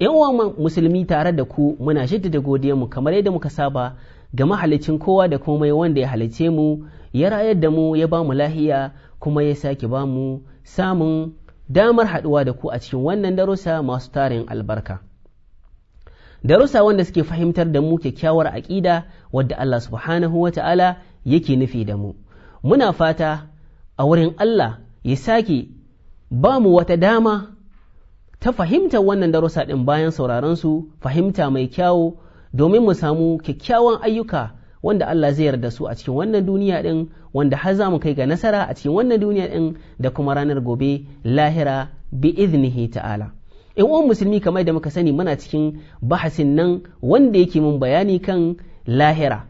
yan uwa musulmi tare da ku muna shidda da mu kamar yadda muka saba ga mahalicin kowa da komai wanda ya halice mu ya rayar da mu ya ba mu lahiya kuma ya sake ba mu samun damar haɗuwa da ku a cikin wannan darussa masu tarin albarka darussa wanda suke fahimtar da mu kyakkyawar aƙida wadda Allah subhanahu wa ta'ala yake nufi da mu muna fata a wurin Allah ya sake ba mu wata dama ta fahimtar wannan darussa ɗin bayan sauraron su fahimta mai kyawu domin mu samu kyakkyawan ayyuka wanda Allah zai yarda su a cikin wannan duniya ɗin wanda har za mu kai ga nasara a cikin wannan duniya ɗin da kuma ranar gobe lahira bi iznihi ta'ala in uwan musulmi kamar da muka sani muna cikin bahasin nan wanda yake mun bayani kan lahira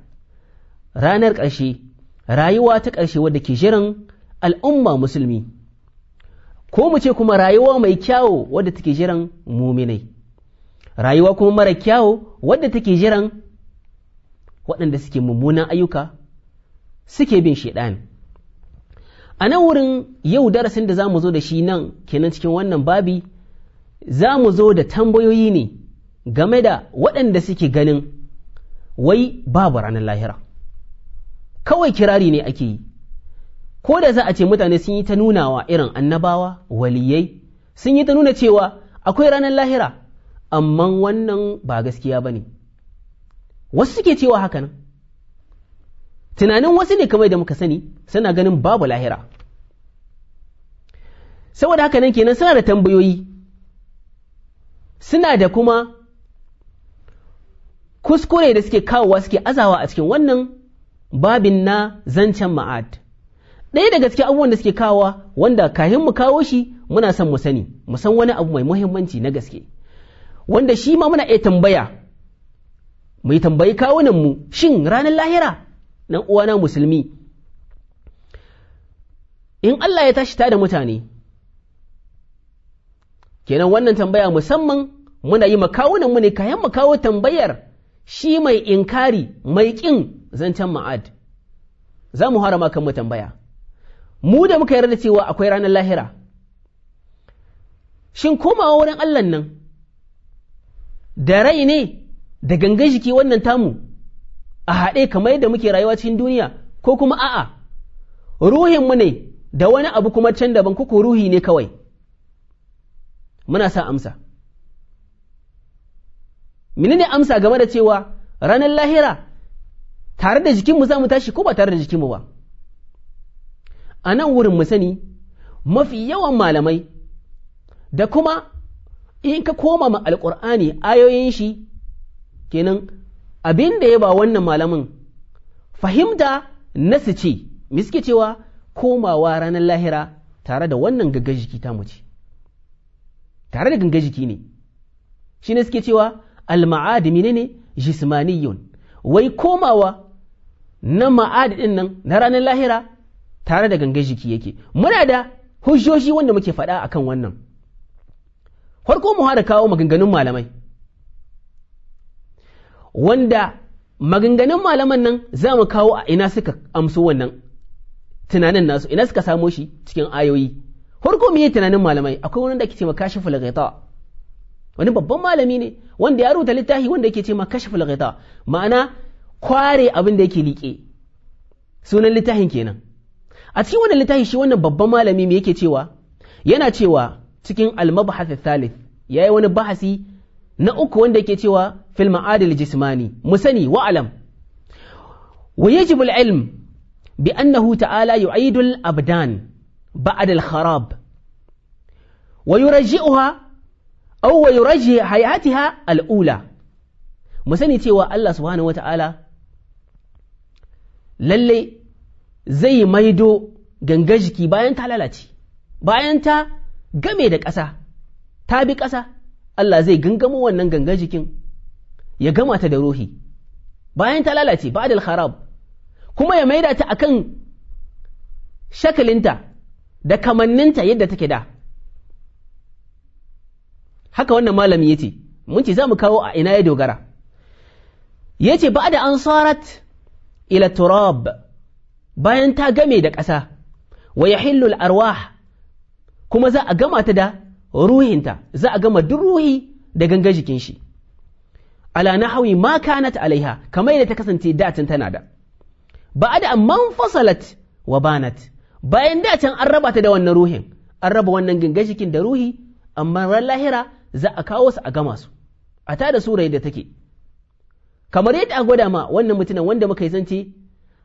ranar ƙarshe rayuwa ta ƙarshe wadda ke jiran al'umma musulmi ko mu ce kuma rayuwa mai kyawo wadda take jiran muminai rayuwa kuma mara kyawo wadda take jiran waɗanda suke mummunan ayyuka suke bin shaiɗani a nan wurin yau darasin da za mu zo da shi nan kenan cikin wannan babi za mu zo da tambayoyi ne game da waɗanda suke ganin wai babu ranar lahira kawai kirari ne ake yi ko da za a ce mutane sun yi ta nunawa irin annabawa waliyai sun yi ta nuna cewa akwai ranar lahira amma wannan ba gaskiya ba ne wasu suke cewa haka nan tunanin wasu ne kamar da muka sani suna ganin babu lahira saboda haka nan kenan suna da tambayoyi suna da kuma kuskure da suke kawowa suke azawa a cikin wannan babin na zancen ma'ad ɗaya daga cikin abubuwan da suke kawa wanda kahin mu kawo shi muna son mu sani mu san wani abu mai muhimmanci na gaske wanda shi ma muna iya tambaya mu yi tambayi kawunan mu shin ranar lahira nan uwana musulmi in Allah ya tashi da mutane kenan wannan tambaya musamman muna yi makawunan mu ne kayan mu kawo tambayar shi mai inkari mai ƙin zancen ma'ad za mu harama kan mu tambaya mu da muka yarda cewa akwai ranar lahira shin komawa wurin Allah nan da rai ne da gangan jiki wannan tamu a haɗe kamar yadda muke rayuwa cikin duniya ko kuma a'a ruhinmu ne da wani abu kuma can daban kuku ruhi ne kawai muna sa amsa menene amsa game da cewa ranar lahira tare da jikinmu za mu tashi ko ba tare da jikinmu ba a nan wurin mu sani mafi yawan malamai da kuma in ka koma ma alƙur'ani ayoyin shi kenan abin da ya ba wannan malamin fahimta na su ce miski cewa komawa ranar lahira tare da wannan gaggajiki ta muci tare da gaggajiki ne shi ne suke cewa al mine ne jismaniyun wai komawa na ma'adin nan na ranar lahira tare da gangan jiki yake muna da hujjoji wanda muke faɗa akan wannan farko mu hada kawo maganganun malamai wanda maganganun malaman nan za mu kawo a ina suka amso wannan tunanin nasu ina suka samo shi cikin ayoyi farko mu yi tunanin malamai akwai wani da ke cewa kashiful wani babban malami ne wanda ya rubuta littafi wanda yake cewa kashiful ghaita ma'ana kware abin da yake liƙe sunan littafin kenan a cikin wannan littafi shi wannan babban malami me yake cewa yana cewa cikin al-mabhath thalith yayi wani bahasi na uku wanda yake cewa fil ma'adil jismani mu sani wa alam wa yajibu al-ilm bi annahu ta'ala yu'idu al-abdan ba'da al-kharab wa yurajji'uha aw wa yurajji hayatiha al-ula mu sani cewa Allah subhanahu wata'ala lalle zai maido ganga jiki bayan ta lalace bayan ta game da ƙasa ta bi ƙasa Allah zai gangamo wannan ganga jikin ya gama ta da ruhi bayan ta lalace ba harab kuma ya maida ta akan shakalinta da kamanninta yadda take da haka wannan malami yace mun ce za mu kawo a ina ya dogara yace ba da an sarat ila turab bayan ta game da ƙasa wa yahillul arwah kuma za a gama ta da ruhinta za a gama duk ruhi da ganga jikin shi ala hawi ma kanat alaiha kamar yadda ta kasance datin tana da ba da amman fasalat wa banat bayan datin an raba ta da wannan ruhin an raba wannan ganga jikin da ruhi amma ran lahira za a kawo su a gama su a tada sura yadda take kamar yadda a gwada ma wannan mutumin wanda muka yi zance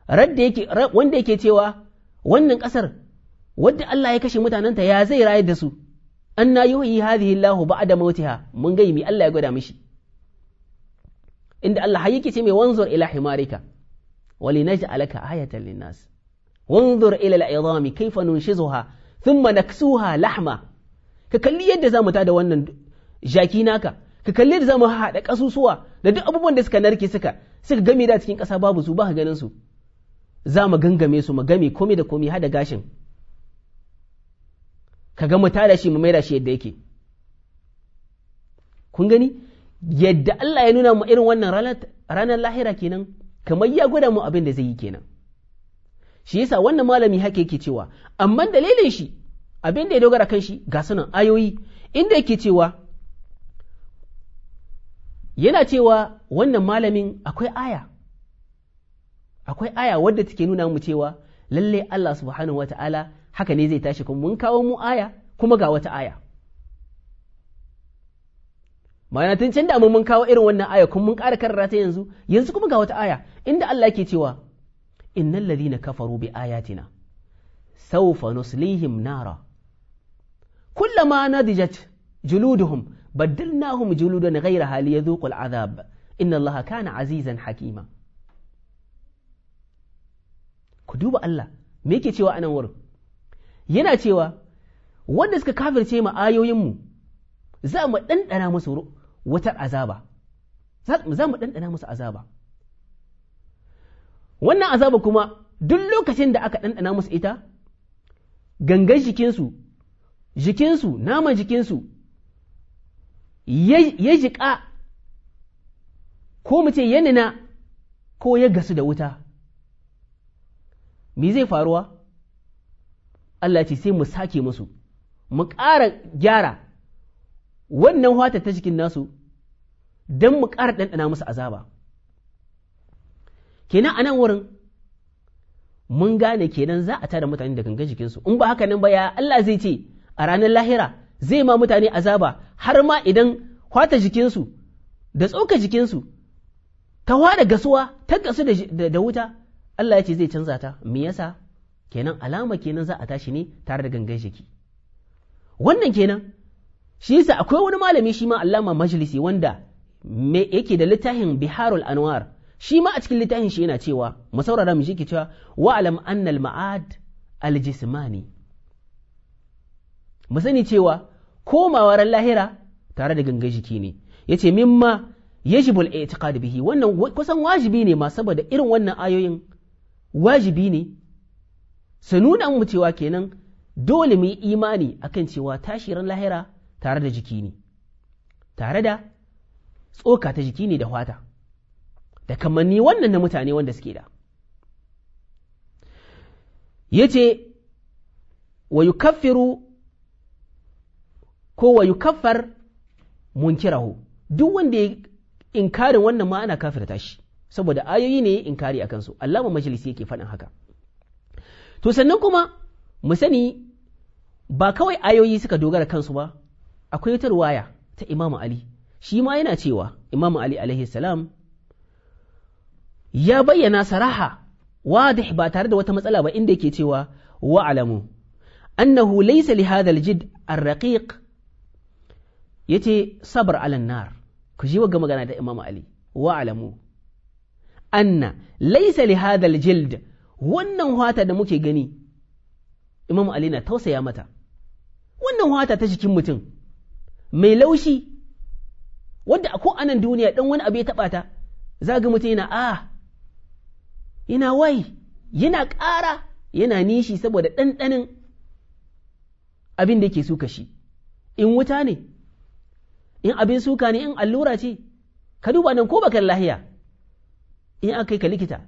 radda yake wanda yake cewa wannan ƙasar wadda Allah ya kashe mutanenta ya zai rayar da su an na yuhi hadhihi Allah ba'da mautiha mun gai mi Allah ya gwada mishi inda Allah har yake ce mai wanzur ila himarika alaka ayatan linnas wanzur ila al'idami kaifa nunshizuha thumma naksuha lahma ka kalli yadda zamu ta da wannan jaki naka ka kalli yadda zamu haɗa kasusuwa da duk abubuwan da suka narke suka suka game da cikin ƙasa babu su ba ka ganin su za mu gangame su mu game komai da komai hada gashin ka ga mu tada shi mu maida shi yadda yake kun gani yadda Allah ya nuna mu irin wannan ranar lahira kenan kamar ya gwada mu abin da zai yi kenan shi yasa wannan malami haka yake cewa amma dalilin shi abin da ya dogara kan shi ga sunan ayoyi inda yake cewa yana cewa wannan malamin akwai aya akwai aya wadda take nuna mu cewa lalle Allah subhanahu wata'ala haka ne zai tashi kuma mun kawo mu aya kuma ga wata aya ma'ana tun can da mun kawo irin wannan aya kuma mun ƙara karara ta yanzu yanzu kuma ga wata aya inda Allah ke cewa innal ladhina kafaru bi ayatina sawfa nuslihim nara kullama nadijat juluduhum baddalnahum juludan ghayra hali yadhuqu al'adhab inna Allah kana azizan hakima ku duba Allah me yake cewa anan wurin yana cewa wanda suka kafirce mu ayoyinmu za mu ɗanɗana musu wata azaba za mu ɗanɗana musu azaba wannan azaba kuma duk lokacin da aka ɗanɗana musu ita gangan jikinsu jikinsu naman jikinsu ya jiƙa ko mu ce yanina ko ya gasu da wuta me zai faruwa Allah ce sai mu sake musu mu ƙara gyara wannan wata ta cikin nasu don mu ƙara ɗanɗana musu azaba kenan a nan wurin mun gane kenan za a tada mutane da gangan jikinsu in ba haka nan ba ya Allah zai ce a ranar lahira zai ma mutane azaba har ma idan hata jikinsu da tsoka jikinsu ta wada gasuwa ta gasu da wuta Allah ya ce zai canza ta me yasa kenan alama kenan za a tashi ne tare da gangan jiki wannan kenan shi yasa akwai wani malami shi ma Allama Majlisi wanda me yake da littafin Biharul Anwar shi ma a cikin littafin shi yana cewa mu mu ke cewa wa alam annal ma'ad aljismani mu sani cewa komawar lahira tare da gangan jiki ne yace mimma yajibul i'tiqad bihi wannan kusan wajibi ne ma saboda irin wannan ayoyin wajibi ne su nuna mu cewa kenan dole mu yi imani akan cewa ran lahira tare da jiki ne tare da tsoka ta jiki ne da fata da kamanni wannan na mutane wanda suke da yace wa yukaffiru ko wa yukaffar munkirahu duk wanda ya inkarin wannan ma ana kafirta shi saboda ayoyi ne in kare a kansu. allama majalisi yake faɗin haka to sannan kuma mu sani ba kawai ayoyi suka dogara kansu ba akwai wata ruwaya ta imamu ali shi ma yana cewa imamu ali alaihi salam ya bayyana saraha wadih ba tare da wata matsala ba inda yake cewa wa'alamu annahu laysa li hadha al-jid ar-raqiq yace sabr ala nar ku ji wa magana da imamu ali wa'alamu anna laisa li hadal jild wannan hwata da muke gani Imam Ali na tausaya mata wannan wata ta jikin mutum mai laushi wadda ko anan duniya dan wani abu ya taba ta zaga mutum yana a ah, yana wai yana ƙara yana nishi saboda ɗanɗanin abin da yake suka shi in wuta ne in abin suka ne in allura ce ka duba nan ko bakan lahiya in aka kai ka likita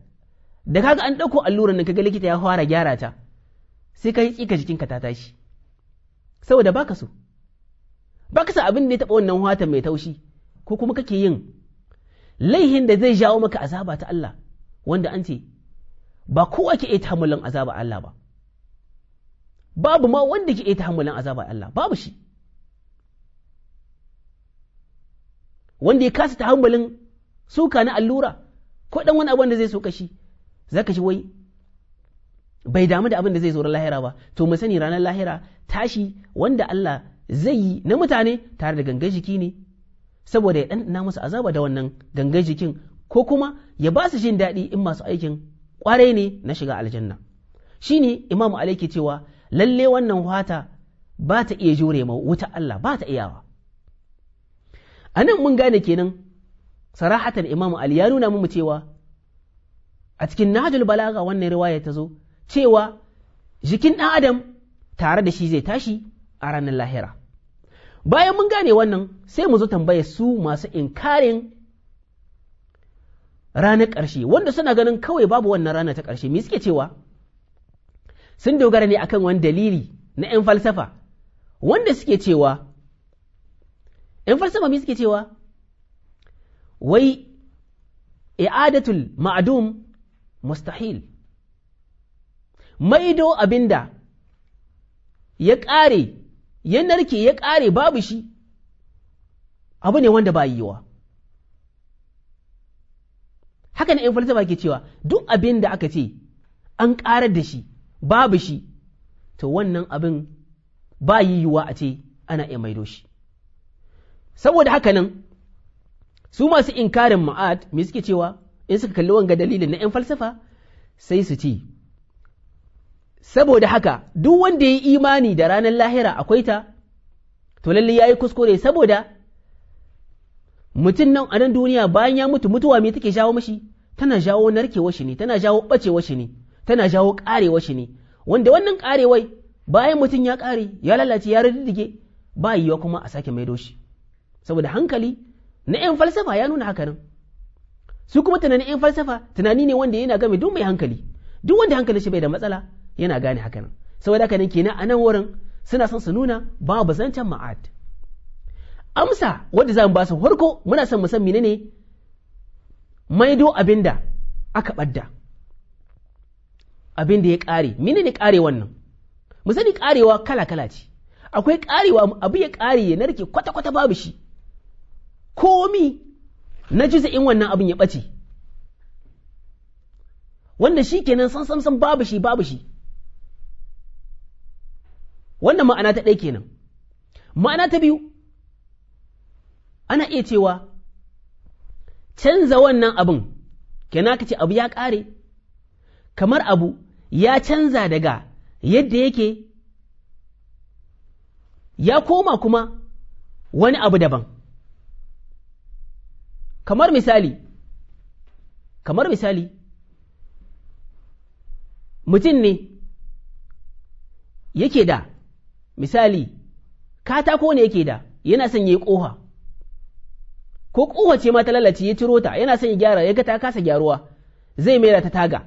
da kaga an ɗauko alluran nan kaga likita ya fara gyara ta sai ka yi tsika jikinka ta tashi saboda baka so baka sa abin da ya taɓa wannan watan mai taushi ko kuma kake yin laihin da zai jawo maka azaba ta Allah wanda an ce ba kowa ke iya tahammulan azaba Allah ba babu ma wanda ke iya tahammulan azaba Allah babu shi wanda ya kasa tahammulin suka na allura ko dan wani abin da zai so ka zaka shi wai bai damu da abin da zai zo lahira ba to mu sani ranar lahira tashi wanda Allah zai yi na mutane tare da gangan jiki ne saboda ya ɗanɗana musu azaba da wannan gangan jikin ko kuma ya ba su jin daɗi in masu aikin ƙwarai ne na shiga aljanna shi ne imamu alaiki cewa lalle wannan wata ba ta iya jure ma wuta Allah ba ta iyawa anan mun gane kenan sarahatan imam ali ya nuna mu cewa a cikin nahjul balaga wannan riwaya ta zo cewa jikin ɗan adam tare da shi zai tashi a ranar lahira bayan mun gane wannan sai mu zo tambaye su masu inkarin ranar ƙarshe wanda suna ganin kawai babu wannan rana ta ƙarshe me suke cewa sun dogara ne akan wani dalili na 'yan falsafa wanda suke cewa 'yan falsafa me suke cewa wai i'adatul ma'adum mustahil maido abinda ya ƙare ya narke ya ƙare babu shi abu ne wanda ba yiwa haka ne falsafa ke cewa duk abin da aka ce an ƙarar da shi babu shi to wannan abin ba yiwuwa a ce ana iya maido shi saboda haka nan su masu inkarin ma'ad me suke cewa in suka kalli wanga dalilin na 'yan falsafa sai su ci. saboda haka duk wanda ya yi imani da ranar lahira akwai ta to lalle ya yi kuskure saboda mutum nan a nan duniya bayan ya mutu mutuwa me take jawo mashi tana jawo narkewa shi ne tana jawo ɓacewa shi ne tana jawo ƙarewa shi ne wanda wannan ƙarewai bayan mutum ya ƙare ya lalace ya riddige ba yiwa kuma a sake maido shi saboda hankali na 'yan falsafa ya nuna haka nan su kuma tunanin 'yan falsafa tunani ne wanda yana game duk mai hankali duk wanda hankalin shi bai da matsala yana gane haka nan saboda haka nan kenan a nan wurin suna son su nuna babu zancen ma'ad amsa wanda za mu ba su farko muna son mu san ne maido abinda aka ɓadda abin da ya ƙare ne ƙare wannan mu sani ƙarewa kala kala ce akwai ƙarewa abu ya ƙare ya narke kwata kwata babu shi komi na in wannan abin ya ɓace wanda shi kenan san san san babu shi babu shi wannan ma'ana ta ɗaya kenan ma'ana ta biyu ana iya cewa canza wannan abin kenan ka ce abu ya ƙare kamar abu ya canza daga yadda yake ya koma kuma wani abu daban kamar misali kamar misali mutum ne yake da misali katako ne yake da yana son yi ƙoha ko ƙoha ce ma ta lalace ya ciro ta yana son ya gyara ya ga ta kasa gyaruwa zai mera ta taga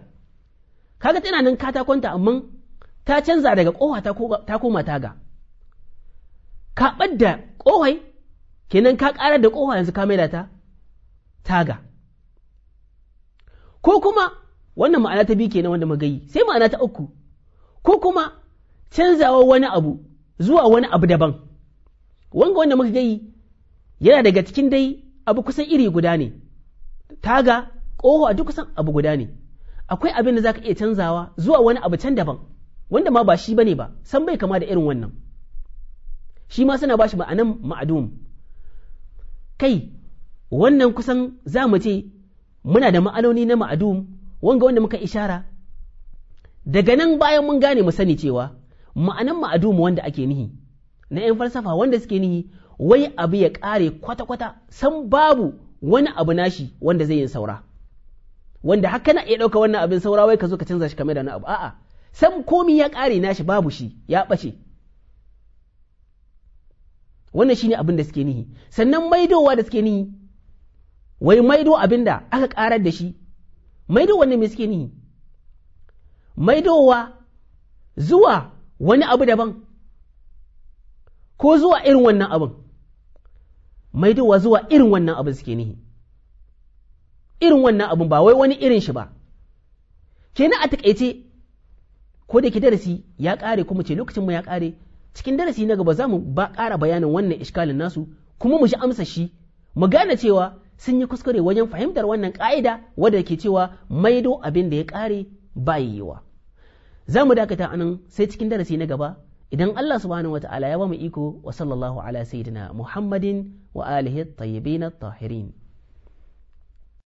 kaga tana nan katakonta amma ta canza daga ƙoha ta koma taga ka ɓadda ƙohai kenan ka ƙarar da ƙoha yanzu ka ta taga ko kuma wannan ma'ana ta biyu kenan wanda magayi sai ma'ana ta uku ko kuma canzawa wani abu zuwa wani abu daban wanga wanda muka gayi yana daga cikin dai abu kusan iri guda ne taga ƙoho a duk kusan abu guda ne akwai abin da zaka iya canzawa zuwa wani abu can daban wanda ma ba shi bane ba san bai kama da irin wannan shi ma suna shi ma'anan ma'adum kai wannan kusan za mu ce muna da ma'anoni na ma'adum wanga wanda muka ishara daga nan bayan mun gane mu sani cewa ma'anan ma'adum wanda ake nihi na 'yan falsafa wanda suke nihi wai abu ya kare kwata-kwata san babu wani abu nashi wanda zai yin saura wanda haka na iya ɗauka wannan abin saura wai ka zo ka canza shi kamar da wani abu a'a san komi ya kare nashi babu shi ya ɓace wannan shine abin da suke nihi sannan maidowa da suke nihi wai maido abin da aka ƙarar da shi maido wani mai suke nihi maidowa zuwa wani abu daban ko zuwa irin wannan abin maidowa zuwa irin wannan abin suke nihi irin wannan abin ba wai wani irin shi ba kenan a takaice ko da ke darasi ya ƙare kuma ce lokacin mu ya ƙare cikin darasi na gaba za mu ba kara bayanin wannan iskalin nasu kuma mu ji amsa shi mu gane cewa sun yi kuskure wajen fahimtar wannan ƙa'ida wadda ke cewa maido abin da ya ƙare ba yiwa za mu dakata anan sai cikin darasi na gaba idan Allah subhanahu wa ta'ala ya ba mu iko wa sallallahu ala sayyidina Muhammadin wa alihi tayyibin tahirin